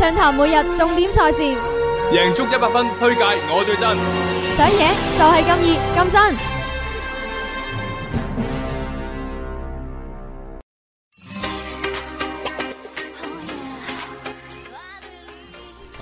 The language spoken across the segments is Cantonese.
暢談每日重點賽事，贏足一百分，推介我最真，想贏就係咁易咁真。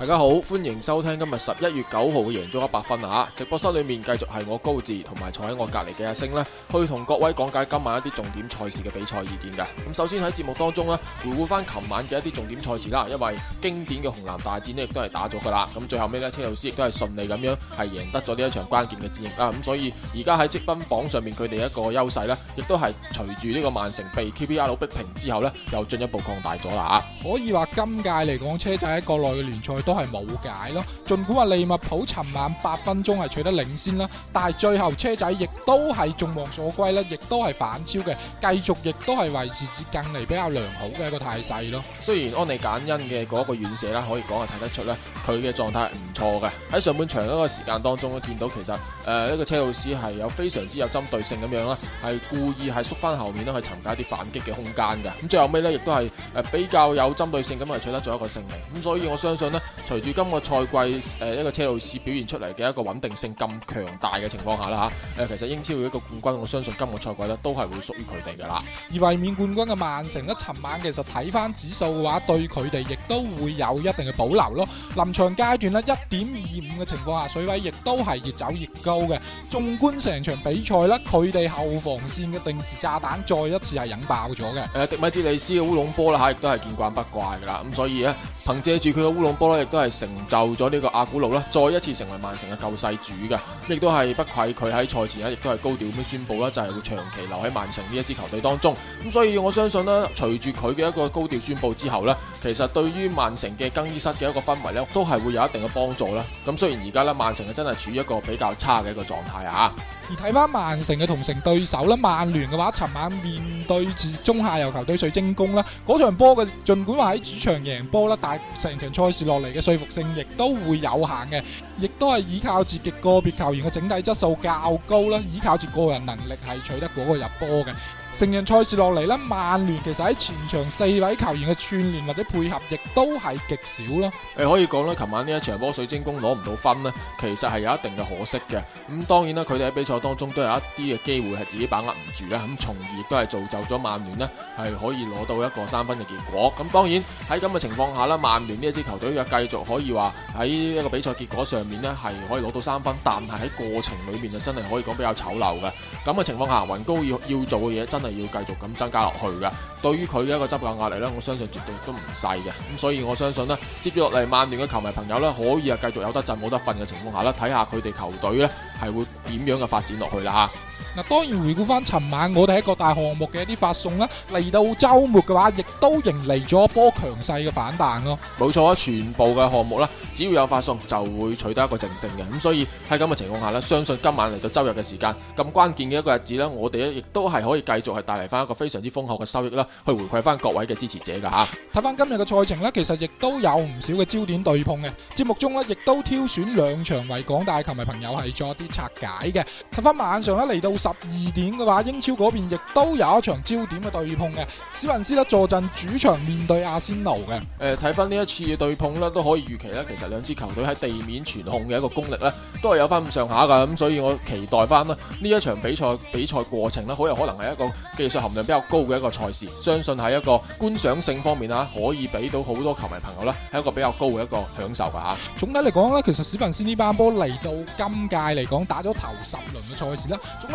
大家好，歡迎收聽今日十一月九號嘅贏足 100FUN 啊！直播室裏面繼續係我高志同埋坐喺我隔籬嘅阿星咧，去同各位講解今晚一啲重點賽事嘅比賽意見嘅。咁首先喺節目當中咧，回顧翻琴晚嘅一啲重點賽事啦，因為經典嘅紅藍大戰咧，亦都係打咗噶啦。咁最後尾咧，車路士亦都係順利咁樣係贏得咗呢一場關鍵嘅戰役啊！咁所以而家喺積分榜上面佢哋一個優勢咧，亦都係隨住呢個曼城被 QPR 逼平之後咧，又進一步擴大咗啦啊！可以話今屆嚟講，車仔喺國內嘅聯賽都。係冇解咯，盡管話利物浦尋晚八分鐘係取得領先啦，但係最後車仔亦都係眾望所歸啦，亦都係反超嘅，繼續亦都係維持至近嚟比較良好嘅一個態勢咯。雖然安利簡恩嘅嗰一個遠射啦，可以講係睇得出咧，佢嘅狀態唔錯嘅。喺上半場一個時間當中咧，見到其實誒呢、呃、個車路士係有非常之有針對性咁樣啦，係故意係縮翻後面啦去尋找啲反擊嘅空間嘅。咁最後尾咧亦都係誒比較有針對性咁係取得咗一個勝利。咁所以我相信呢。隨住今個賽季誒、呃、一個車路士表現出嚟嘅一個穩定性咁強大嘅情況下啦吓，誒、啊、其實英超嘅一個冠軍，我相信今個賽季咧都係會屬於佢哋噶啦。而衛冕冠軍嘅曼城咧，尋晚其實睇翻指數嘅話，對佢哋亦都會有一定嘅保留咯。臨場階段咧，一點二五嘅情況下，水位亦都係越走越高嘅。縱觀成場比賽呢，佢哋後防線嘅定時炸彈再一次係引爆咗嘅。誒、呃，迪米治利斯嘅烏龍波啦吓，亦都係見慣不怪噶啦。咁所以咧，憑借住佢嘅烏龍波咧。都係成就咗呢個阿古路啦，再一次成為曼城嘅救世主嘅，亦都係不愧佢喺賽前咧，亦都係高調咁宣布啦，就係、是、會長期留喺曼城呢一支球隊當中。咁所以我相信咧，隨住佢嘅一個高調宣布之後咧，其實對於曼城嘅更衣室嘅一個氛圍呢，都係會有一定嘅幫助啦。咁雖然而家曼城係真係處於一個比較差嘅一個狀態啊。而睇返曼城嘅同城對手啦，曼聯嘅話，尋晚面對住中下游球隊水晶宮啦，嗰場波嘅儘管話喺主場贏波啦，但係成場賽事落嚟嘅說服性亦都會有限嘅。亦都係依靠自己個別球員嘅整體質素較高啦，依靠住個人能力係取得嗰個入波嘅。成人賽事落嚟啦，曼聯其實喺前場四位球員嘅串聯或者配合亦都係極少啦。誒，可以講啦，琴晚呢一場波水晶宮攞唔到分，其實係有一定嘅可惜嘅。咁當然啦，佢哋喺比賽當中都有一啲嘅機會係自己把握唔住啦，咁從而都係造就咗曼聯呢係可以攞到一個三分嘅結果。咁當然喺咁嘅情況下啦，曼聯呢一支球隊嘅繼續可以話喺一個比賽結果上。面咧係可以攞到三分，但係喺過程裏面啊，真係可以講比較醜陋嘅。咁嘅情況下，雲高要要做嘅嘢，真係要繼續咁增加落去嘅。對於佢嘅一個執教壓力呢，我相信絕對都唔細嘅。咁所以我相信呢，接住落嚟曼聯嘅球迷朋友呢，可以啊繼續有得震冇得瞓嘅情況下咧，睇下佢哋球隊呢係會點樣嘅發展落去啦吓。嗱，當然回顧翻尋晚我哋一個大項目嘅一啲發送啦，嚟到周末嘅話，亦都迎嚟咗一波強勢嘅反彈咯。冇錯啊，全部嘅項目啦，只要有發送就會取得一個正勝嘅。咁所以喺咁嘅情況下呢，相信今晚嚟到周日嘅時間咁關鍵嘅一個日子呢，我哋亦都係可以繼續係帶嚟翻一個非常之豐厚嘅收益啦，去回饋翻各位嘅支持者噶吓。睇翻今日嘅賽程呢，其實亦都有唔少嘅焦點對碰嘅，節目中呢，亦都挑選兩場為廣大球迷朋友係做一啲拆解嘅。睇翻晚上呢。嚟到。到十二點嘅話，英超嗰邊亦都有一場焦點嘅對碰嘅，史雲斯坐陣主場面對阿仙奴嘅。誒、呃，睇翻呢一次對碰都可以預期，其實兩支球隊喺地面傳控嘅一個功力都係有翻咁上下噶。咁所以，我期待翻呢一場比賽比賽過程咧，好有可能係一個技術含量比較高嘅一個賽事，相信喺一個觀賞性方面啊，可以俾到好多球迷朋友咧，係一個比較高嘅一個享受噶吓。總體嚟講，其實史雲斯呢班波嚟到今屆嚟講打咗頭十輪嘅賽事。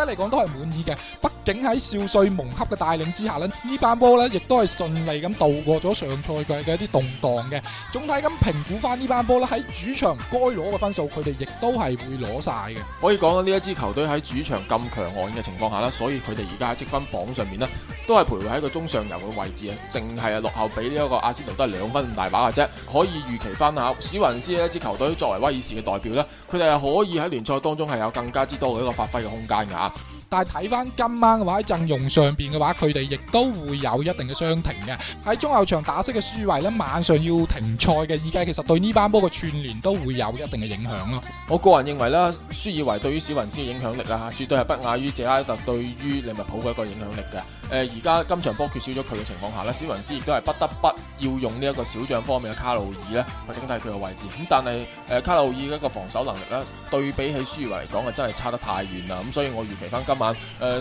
嚟講都係滿意嘅，畢竟喺少帥蒙克嘅帶領之下咧，呢班波呢亦都係順利咁度過咗上賽季嘅一啲動盪嘅。總體咁評估翻呢班波呢，喺主場該攞嘅分數，佢哋亦都係會攞晒嘅。可以講啦，呢一支球隊喺主場咁強悍嘅情況下呢，所以佢哋而家喺積分榜上面呢，都係徘徊喺個中上游嘅位置，淨係落後俾呢一個阿仙奴都係兩分，大把嘅啫。可以預期翻啊，史雲斯呢一支球隊作為威爾士嘅代表呢，佢哋係可以喺聯賽當中係有更加之多嘅一個發揮嘅空間嘅啊。但係睇翻今晚嘅話，喺陣容上邊嘅話，佢哋亦都會有一定嘅傷停嘅。喺中後場打式嘅舒爾維咧，晚上要停賽嘅，而家其實對呢班波嘅串聯都會有一定嘅影響咯。我個人認為咧，舒爾維對於小雲斯嘅影響力啦，吓絕對係不亞於謝拉特對於利物浦嘅一個影響力嘅。誒、呃，而家今場波缺少咗佢嘅情況下咧，小雲斯亦都係不得不要用呢一個小將方面嘅卡路爾咧去頂替佢嘅位置。咁但係誒、呃，卡路爾嘅一個防守能力咧，對比起舒爾維嚟講啊，真係差得太遠啦。咁所以我預期翻今晚。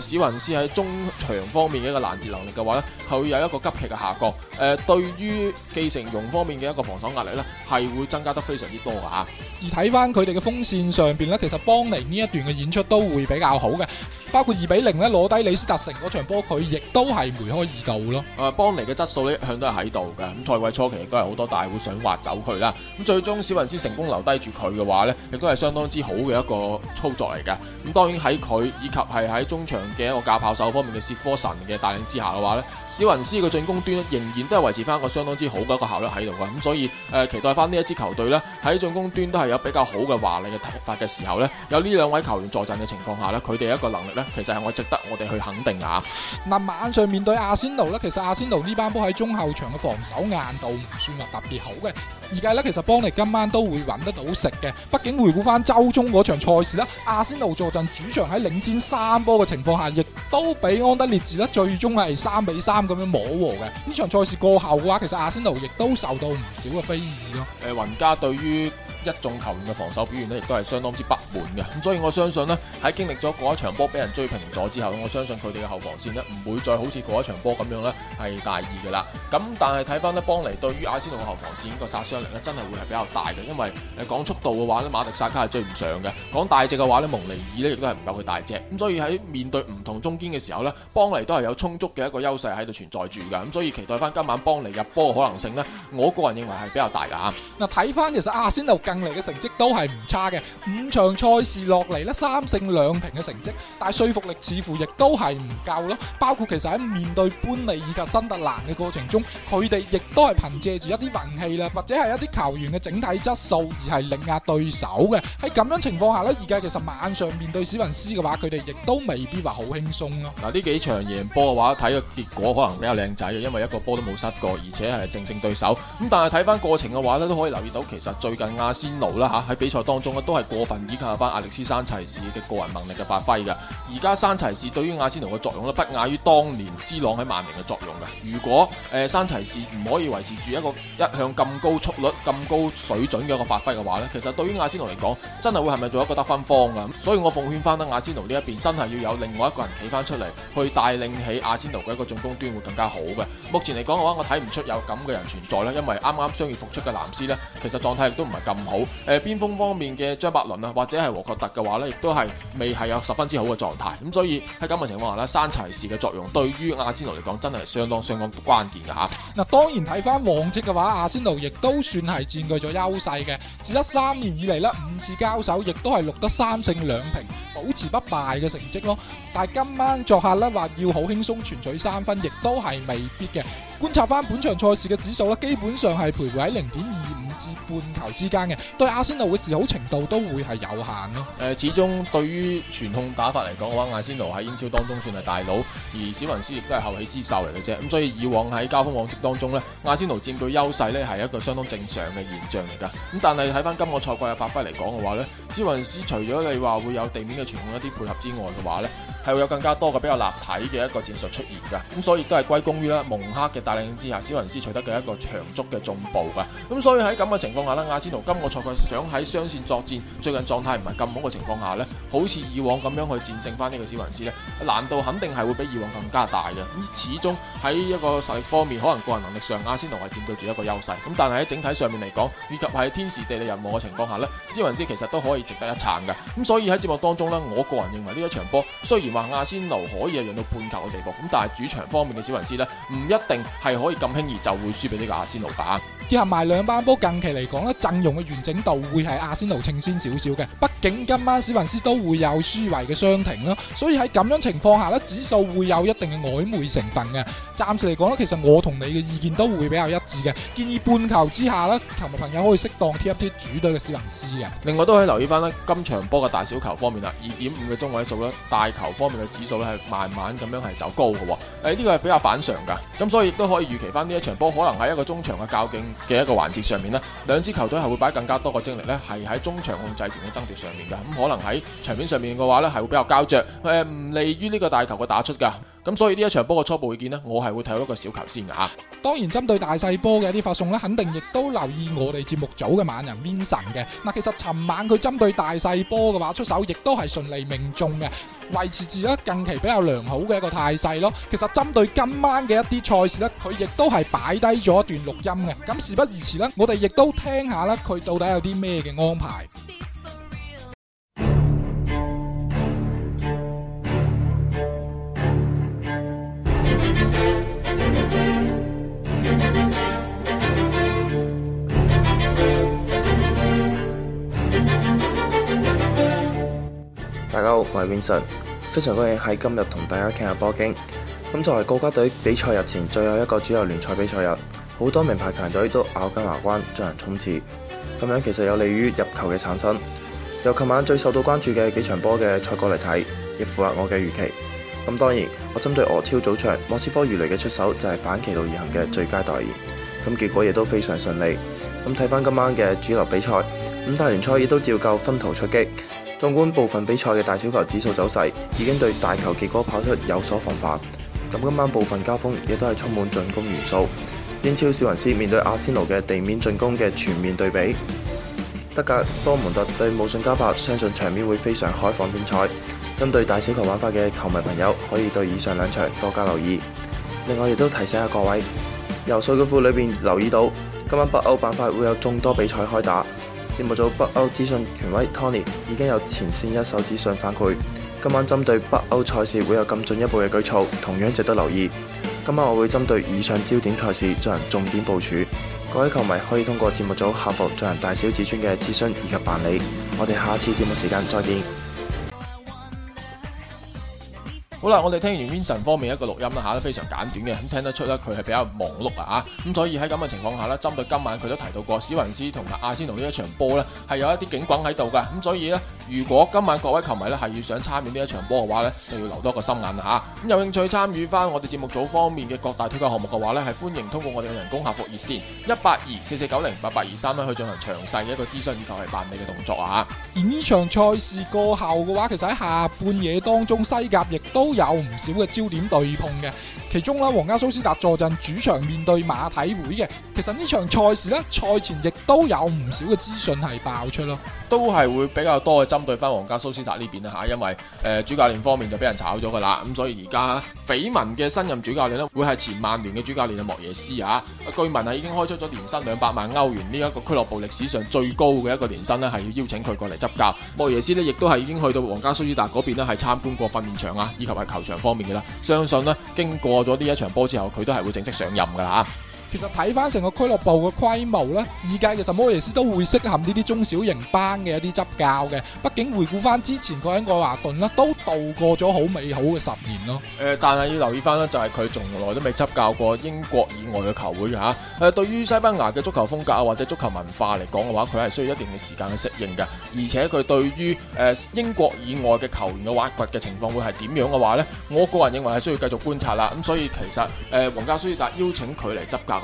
誒，史、呃、雲斯喺中場方面嘅一個攔截能力嘅話呢係會有一個急劇嘅下降。誒、呃，對於繼承容方面嘅一個防守壓力呢，係會增加得非常之多嘅吓。而睇翻佢哋嘅鋒線上邊呢，其實邦尼呢一段嘅演出都會比較好嘅。包括二比零呢，攞低李斯特城嗰場波，佢亦都係梅開二度咯。誒、呃，邦尼嘅質素一向都係喺度嘅。咁賽季初期亦都係好多大會想挖走佢啦。咁最終史雲斯成功留低住佢嘅話呢，亦都係相當之好嘅一個操作嚟嘅。咁當然喺佢以及係。喺中場嘅一個架炮手方面嘅薛科神嘅帶領之下嘅話咧，史雲斯嘅進攻端仍然都係維持翻一個相當之好嘅一個效率喺度嘅，咁所以誒、呃、期待翻呢一支球隊咧喺進攻端都係有比較好嘅華麗嘅踢法嘅時候咧，有呢兩位球員助陣嘅情況下咧，佢哋一個能力咧，其實係我值得我哋去肯定的啊。嗱晚上面對阿仙奴咧，其實阿仙奴呢班波喺中後場嘅防守硬度唔算話特別好嘅，而家咧其實邦尼今晚都會揾得到食嘅，畢竟回顧翻周中嗰場賽事啦，阿仙奴助陣主場喺領先三。三波嘅情況下，亦都俾安德烈治啦，最終係三比三咁樣摸和嘅。呢場賽事過後嘅話，其實阿仙奴亦都受到唔少嘅非議咯。誒、呃，玩家對於，一眾球員嘅防守表現呢，亦都係相當之不滿嘅。咁所以我相信呢，喺經歷咗嗰一場波俾人追平咗之後，我相信佢哋嘅後防線呢，唔會再好似嗰一場波咁樣呢係大意嘅啦。咁但係睇翻呢，邦尼對於亞仙奴嘅後防線個殺傷力呢，真係會係比較大嘅。因為誒、講速度嘅話呢，馬迪薩卡係追唔上嘅；講大隻嘅話呢，蒙尼爾呢，亦都係唔夠佢大隻。咁所以喺面對唔同中堅嘅時候呢，邦尼都係有充足嘅一個優勢喺度存在住嘅。咁所以期待翻今晚邦尼入波嘅可能性呢，我個人認為係比較大嘅嚇。嗱睇翻其實亞仙奴。嚟嘅成績都係唔差嘅，五場賽事落嚟咧三勝兩平嘅成績，但係說服力似乎亦都係唔夠咯。包括其實喺面對班尼以及新特蘭嘅過程中，佢哋亦都係憑借住一啲運氣啦，或者係一啲球員嘅整體質素而係力壓對手嘅。喺咁樣情況下咧，而家其實晚上面對史雲斯嘅話，佢哋亦都未必話好輕鬆咯。嗱，呢幾場贏波嘅話，睇個結果可能比較靚仔嘅，因為一個波都冇失過，而且係正勝對手。咁但係睇翻過程嘅話咧，都可以留意到，其實最近亞。仙奴啦吓，喺比賽當中咧都係過分倚靠翻阿歷斯山齊士嘅個人能力嘅發揮嘅。而家山齊士對於阿仙奴嘅作用呢，不亞於當年斯朗喺曼聯嘅作用嘅。如果誒、呃、山齊士唔可以維持住一個一向咁高速率、咁高水準嘅一個發揮嘅話呢，其實對於阿仙奴嚟講，真係會係咪做一個得分荒啊？所以我奉勸翻阿仙奴呢一邊真係要有另外一個人企翻出嚟，去帶領起阿仙奴嘅一個進攻端會更加好嘅。目前嚟講嘅話，我睇唔出有咁嘅人存在咧，因為啱啱傷愈復出嘅藍斯呢，其實狀態亦都唔係咁好、呃，誒邊鋒方面嘅張伯倫啊，或者係和確特嘅話咧，亦都係未係有十分之好嘅狀態，咁、嗯、所以喺咁嘅情況下呢，山齊士嘅作用對於亞仙奴嚟講真係相當相當關鍵嘅嚇。嗱，當然睇返往績嘅話，亞仙奴亦都算係佔據咗優勢嘅，只係三年以嚟呢五次交手，亦都係錄得三勝兩平。保持不敗嘅成績咯，但係今晚作客呢，話要好輕鬆全取三分，亦都係未必嘅。觀察翻本場賽事嘅指數咧，基本上係徘徊喺零點二五至半球之間嘅，對阿仙奴嘅示好程度都會係有限咯。誒、呃，始終對於傳控打法嚟講嘅話，阿仙奴喺英超當中算係大佬，而史雲斯亦都係後起之秀嚟嘅啫。咁、呃、所以以往喺交鋒往績當中呢，阿仙奴佔據優勢呢係一個相當正常嘅現象嚟噶。咁但係睇翻今個賽季嘅發揮嚟講嘅話呢，史雲斯除咗你話會有地面嘅。用一啲配合之外嘅話咧。係會有更加多嘅比較立體嘅一個戰術出現噶，咁所以都係歸功於啦蒙克嘅帶領之下，史雲斯取得嘅一個長足嘅進步噶。咁所以喺咁嘅情況下呢，阿仙奴今個賽季想喺雙線作戰，最近狀態唔係咁好嘅情況下呢，好似以往咁樣去戰勝翻呢個史雲斯呢，難度肯定係會比以往更加大嘅。咁始終喺一個實力方面，可能個人能力上阿仙奴係佔據住一個優勢，咁但係喺整體上面嚟講，以及喺天時地利人和嘅情況下呢，史雲斯其實都可以值得一撐嘅。咁所以喺節目當中呢，我個人認為呢一場波雖然，話阿仙奴可以係讓到半球嘅地步，咁但係主場方面嘅史雲斯呢，唔一定係可以咁輕易就會輸俾呢個阿仙奴噶。結合埋兩班波近期嚟講咧，陣容嘅完整度會係阿仙奴稱先少少嘅，畢竟今晚史雲斯都會有舒維嘅傷停咯，所以喺咁樣情況下咧，指數會有一定嘅曖昧成分嘅。暫時嚟講咧，其實我同你嘅意見都會比較一致嘅，建議半球之下咧，球迷朋友可以適當貼一貼主隊嘅史雲斯嘅。另外都可以留意翻呢今場波嘅大小球方面啦，二點五嘅中位數咧，大球方面嘅指數咧係慢慢咁樣係走高嘅喎，呢、哎呢個係比較反常㗎，咁所以亦都可以預期翻呢一場波可能係一個中場嘅較勁。嘅一個環節上面咧，兩支球隊係會擺更加多個精力咧，係喺中場控制權嘅爭奪上面嘅，咁可能喺場面上面嘅話呢係會比較膠着，誒唔利於呢個大球嘅打出㗎。咁所以呢一場波嘅初步意見呢，我係會睇一個小球先嘅吓。當然，針對大細波嘅一啲發送呢，肯定亦都留意我哋節目組嘅猛人 Vincent 嘅。嗱，其實尋晚佢針對大細波嘅話出手也是順利的，亦都係順利命中嘅，維持住咧近期比較良好嘅一個態勢咯。其實針對今晚嘅一啲賽事呢，佢亦都係擺低咗一段錄音嘅。咁事不宜遲啦，我哋亦都聽一下咧佢到底有啲咩嘅安排。Vincent，非常高興喺今日同大家傾下波經。咁作為國家隊比賽日前最後一個主流聯賽比賽日，好多名牌強隊都咬緊牙關進行衝刺，咁樣其實有利於入球嘅產生。由琴晚最受到關注嘅幾場波嘅賽果嚟睇，亦符合我嘅預期。咁當然，我針對俄超早場莫斯科魚雷嘅出手就係反其道而行嘅最佳代言。咁結果亦都非常順利。咁睇翻今晚嘅主流比賽，五大聯賽亦都照舊分途出擊。縱觀部分比賽嘅大小球指數走勢，已經對大球結果跑出有所防範。咁今晚部分交鋒亦都係充滿進攻元素。英超小雲斯面對阿仙奴嘅地面進攻嘅全面對比，德甲多蒙特對慕遜加柏，相信場面會非常開放精彩。針對大小球玩法嘅球迷朋友，可以對以上兩場多加留意。另外亦都提醒下各位，由數據庫裏邊留意到，今晚北歐板塊會有眾多比賽開打。節目組北歐資訊權威 Tony 已經有前線一手資訊反饋，今晚針對北歐賽事會有更進一步嘅舉措，同樣值得留意。今晚我會針對以上焦點賽事進行重點部署，各位球迷可以通過節目組客服進行大小至尊嘅諮詢以及辦理。我哋下次節目時間再見。好啦，我哋聽完 Vincent 方面一個錄音啦，吓都非常簡短嘅，咁聽得出咧佢係比較忙碌啊，吓咁所以喺咁嘅情況下咧，針對今晚佢都提到過史雲斯同埋阿仙奴呢一場波呢，係有一啲警棍喺度噶，咁所以呢，如果今晚各位球迷呢係要想參與呢一場波嘅話呢，就要留多個心眼啦，吓咁有興趣參與翻我哋節目組方面嘅各大推介項目嘅話呢，係歡迎通過我哋嘅人工客服熱線一八二四四九零八八二三咧去進行詳細嘅一個諮詢以及係辦理嘅動作啊。而呢場賽事過後嘅話，其實喺下半夜當中，西甲亦都。有唔少嘅焦點對碰嘅。其中啦，皇家蘇斯達坐鎮主場面對馬體會嘅，其實呢場賽事呢，賽前亦都有唔少嘅資訊係爆出咯，都係會比較多嘅針對翻皇家蘇斯達呢邊啦吓，因為誒、呃、主教練方面就俾人炒咗噶啦，咁所以而家緋聞嘅新任主教練咧，會係前曼聯嘅主教練啊莫耶斯啊，據聞啊已經開出咗年薪兩百萬歐元呢一個俱樂部歷史上最高嘅一個年薪呢係要邀請佢過嚟執教。莫耶斯呢亦都係已經去到皇家蘇斯達嗰邊呢係參觀過訓練場啊，以及係球場方面嘅啦，相信呢經過咗呢一場波之後，佢都係會正式上任噶啦。其實睇翻成個俱樂部嘅規模呢，依家其實摩耶斯都會適合呢啲中小型班嘅一啲執教嘅。畢竟回顧翻之前佢喺愛華頓啦，都度過咗好美好嘅十年咯。誒、呃，但係要留意翻呢就係佢從來都未執教過英國以外嘅球會嘅吓。誒、啊，對於西班牙嘅足球風格啊，或者足球文化嚟講嘅話，佢係需要一定嘅時間去適應嘅。而且佢對於誒、呃、英國以外嘅球員嘅挖掘嘅情況會係點樣嘅話呢，我個人認為係需要繼續觀察啦。咁所以其實誒皇、呃、家蘇亞達邀請佢嚟執教。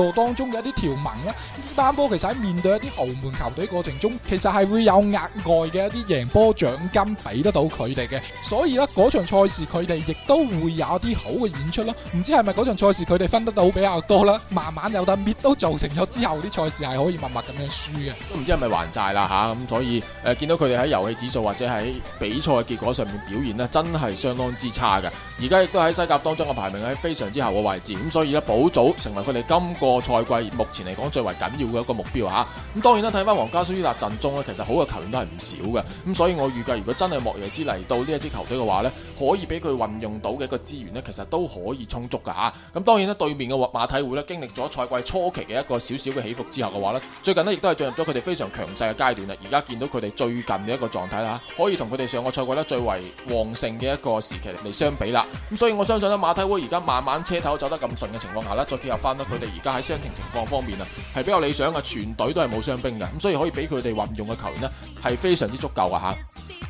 當中嘅一啲條文咧，呢班波其實喺面對一啲豪門球隊過程中，其實係會有額外嘅一啲贏波獎金俾得到佢哋嘅，所以咧嗰場賽事佢哋亦都會有一啲好嘅演出啦。唔知係咪嗰場賽事佢哋分得到比較多啦？慢慢有得滅都造成咗之後啲賽事係可以默默咁樣輸嘅。都唔知係咪還債啦吓咁，所以誒見到佢哋喺遊戲指數或者喺比賽結果上面表現咧，真係相當之差嘅。而家亦都喺西甲當中嘅排名喺非常之後嘅位置，咁所以咧補組成為佢哋今。個賽季目前嚟講最為緊要嘅一個目標吓，咁、啊、當然啦，睇翻，皇家蘇斯達陣中咧，其實好嘅球員都係唔少嘅，咁所以我預計如果真係莫耶斯嚟到呢一支球隊嘅話呢，可以俾佢運用到嘅一個資源呢，其實都可以充足嘅吓。咁、啊、當然啦，對面嘅馬馬體會咧，經歷咗賽季初期嘅一個少少嘅起伏之後嘅話呢，最近呢，亦都係進入咗佢哋非常強勢嘅階段啦，而家見到佢哋最近嘅一個狀態啦，可以同佢哋上個賽季呢，最為旺盛嘅一個時期嚟相比啦，咁所以我相信呢，馬體會而家慢慢車頭走得咁順嘅情況下呢，再結合翻咧佢哋而家喺傷停情況方面啊，係比較理想嘅。全隊都係冇傷兵嘅，咁所以可以俾佢哋運用嘅球員呢，係非常之足夠嘅。吓。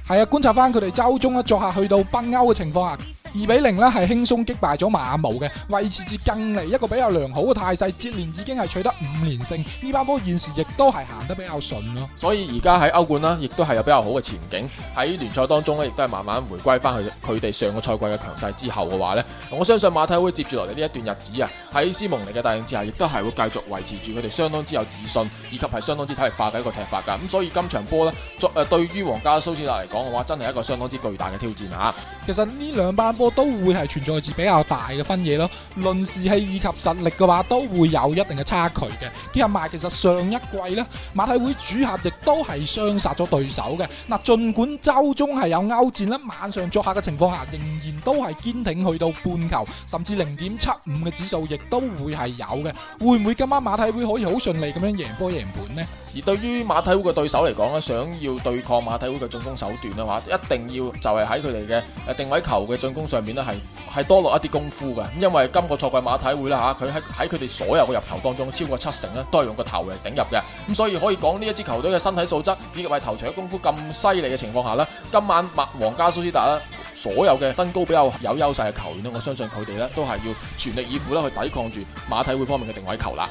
係啊，觀察翻佢哋周中啊，作客去到北歐嘅情況下。二比零呢，係輕鬆擊敗咗馬毛嘅，維持至更嚟一個比較良好嘅態勢，接連已經係取得五連勝，呢班波現時亦都係行得比較順咯。所以而家喺歐冠啦，亦都係有比較好嘅前景。喺聯賽當中呢，亦都係慢慢回歸翻去佢哋上個賽季嘅強勢之後嘅話呢。我相信馬體會接住落嚟呢一段日子啊，喺斯蒙尼嘅帶領之下，亦都係會繼續維持住佢哋相當之有自信，以及係相當之體力化嘅一個踢法噶。咁所以今場波呢，作誒對於皇家蘇斯達嚟講嘅話，真係一個相當之巨大嘅挑戰吓。其實呢兩班。個都會係存在住比較大嘅分野咯，論士氣以及實力嘅話，都會有一定嘅差距嘅。結合埋其實上一季咧，馬體會主客亦都係雙殺咗對手嘅。嗱，盡管周中係有歐戰啦，晚上作客嘅情況下，仍然都係堅挺去到半球，甚至零點七五嘅指數亦都會係有嘅。會唔會今晚馬體會可以好順利咁樣贏波贏盤咧？而對於馬體會嘅對手嚟講呢，想要對抗馬體會嘅進攻手段咧，話一定要就係喺佢哋嘅定位球嘅進攻上面是，呢，係係多落一啲功夫嘅。因為今個賽季馬體會咧吓，佢喺喺佢哋所有嘅入球當中，超過七成呢都係用個頭嚟頂入嘅。咁所以可以講呢一支球隊嘅身體素質以及埋投長嘅功夫咁犀利嘅情況下呢，今晚麥皇家蘇斯達咧，所有嘅身高比較有優勢嘅球員咧，我相信佢哋呢都係要全力以赴咧去抵抗住馬體會方面嘅定位球啦。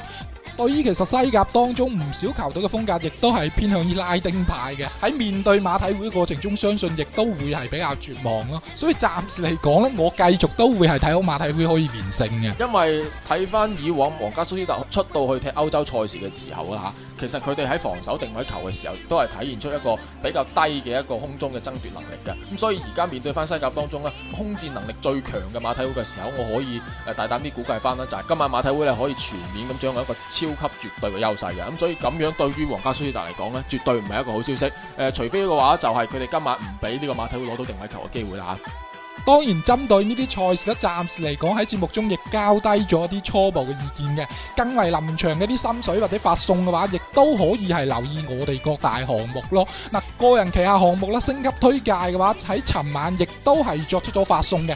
對於其實西甲當中唔少球隊嘅風格，亦都係偏向於拉丁派嘅。喺面對馬體會嘅過程中，相信亦都會係比較絕望咯。所以暫時嚟講咧，我繼續都會係睇好馬體會可以連勝嘅。因為睇翻以往皇家蘇斯特出到去踢歐洲賽事嘅時候啊，嚇，其實佢哋喺防守定位球嘅時候，都係體現出一個比較低嘅一個空中嘅爭奪能力嘅。咁所以而家面對翻西甲當中咧，空戰能力最強嘅馬體會嘅時候，我可以誒大膽啲估計翻啦，就係今晚馬體會咧可以全面咁將我一個。超級絕對嘅優勢嘅，咁、嗯、所以咁樣對於皇家蘇斯達嚟講呢，絕對唔係一個好消息。誒、呃，除非嘅話就係佢哋今晚唔俾呢個馬體會攞到定位球嘅機會啦。當然，針對呢啲賽事咧，暫時嚟講喺節目中亦交低咗一啲初步嘅意見嘅，更為臨場嘅啲心水或者發送嘅話，亦都可以係留意我哋各大項目咯。嗱，個人旗下項目啦，升級推介嘅話喺尋晚亦都係作出咗發送嘅。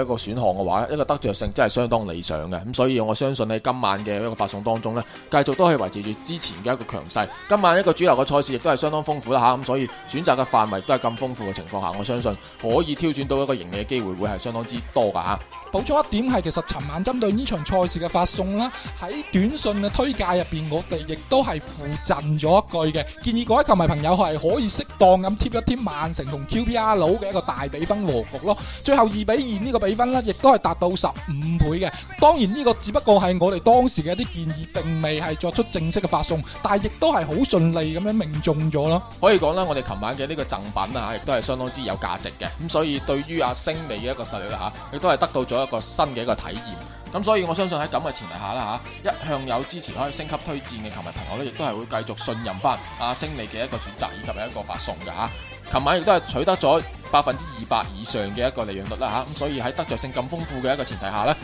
一個選項嘅話，一個得着性真係相當理想嘅，咁所以我相信喺今晚嘅一個發送當中呢，繼續都可以維持住之前嘅一個強勢。今晚一個主流嘅賽事亦都係相當豐富啦吓，咁、啊、所以選擇嘅範圍都係咁豐富嘅情況下，我相信可以挑選到一個盈利嘅機會會係相當之多噶吓。補充一點係，其實尋晚針對呢場賽事嘅發送啦，喺短信嘅推介入邊，我哋亦都係附贈咗一句嘅建議，各位球迷朋友係可以適當咁貼一貼曼城同 QPR 佬嘅一個大比分和局咯。最後二比二呢個。比分啦，亦都係達到十五倍嘅。當然呢個只不過係我哋當時嘅一啲建議，並未係作出正式嘅發送，但係亦都係好順利咁樣命中咗咯。可以講啦，我哋琴晚嘅呢個贈品啊，亦都係相當之有價值嘅。咁所以對於阿星美嘅一個實力啦，吓亦都係得到咗一個新嘅一個體驗。咁所以我相信喺咁嘅前提下啦，吓一向有支持可以升級推薦嘅球迷朋友呢，亦都係會繼續信任翻阿星美嘅一個選擇以及一個發送嘅吓。琴晚亦都係取得咗百分之二百以上嘅一個利潤率啦嚇，咁所以喺得着性咁豐富嘅一個前提下咧，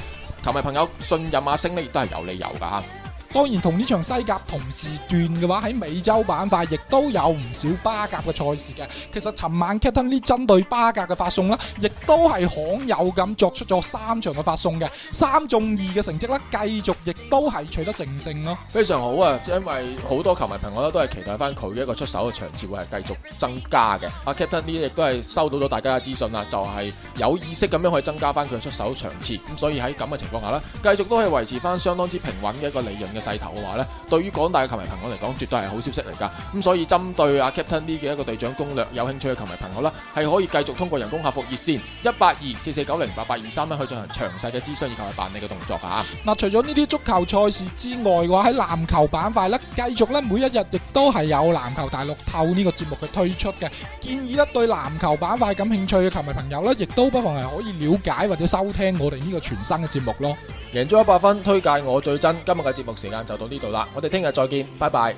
琴日朋友信任阿星咧亦都係有理由㗎嚇。當然同呢場西甲同時段嘅話，喺美洲板塊亦都有唔少巴甲嘅賽事嘅。其實尋晚 Captain Lee 針對巴甲嘅發送呢亦都係罕有咁作出咗三場嘅發送嘅，三中二嘅成績呢繼續亦都係取得淨勝咯。非常好啊，因為好多球迷朋友都係期待翻佢嘅一個出手嘅場次會係繼續增加嘅。阿、啊、Captain Lee 亦都係收到咗大家嘅資訊啦，就係、是、有意識咁樣可以增加翻佢出手場次。咁所以喺咁嘅情況下呢繼續都係維持翻相當之平穩嘅一個利潤嘅。勢頭嘅話咧，對於廣大嘅球迷朋友嚟講，絕對係好消息嚟㗎。咁所以針對阿 Captain Lee 嘅一個隊長攻略，有興趣嘅球迷朋友咧，係可以繼續通過人工客服熱線一八二四四九零八八二三去進行詳細嘅諮詢以及辦理嘅動作嚇。嗱，除咗呢啲足球賽事之外嘅話，喺籃球板塊咧，繼續咧每一日亦都係有籃球大陸透呢個節目嘅推出嘅。建議咧對籃球板塊感興趣嘅球迷朋友咧，亦都不妨係可以了解或者收聽我哋呢個全新嘅節目咯。贏足一百 FUN，推介我最真。今日嘅節目是就到呢度啦，我哋聽日再見，拜拜。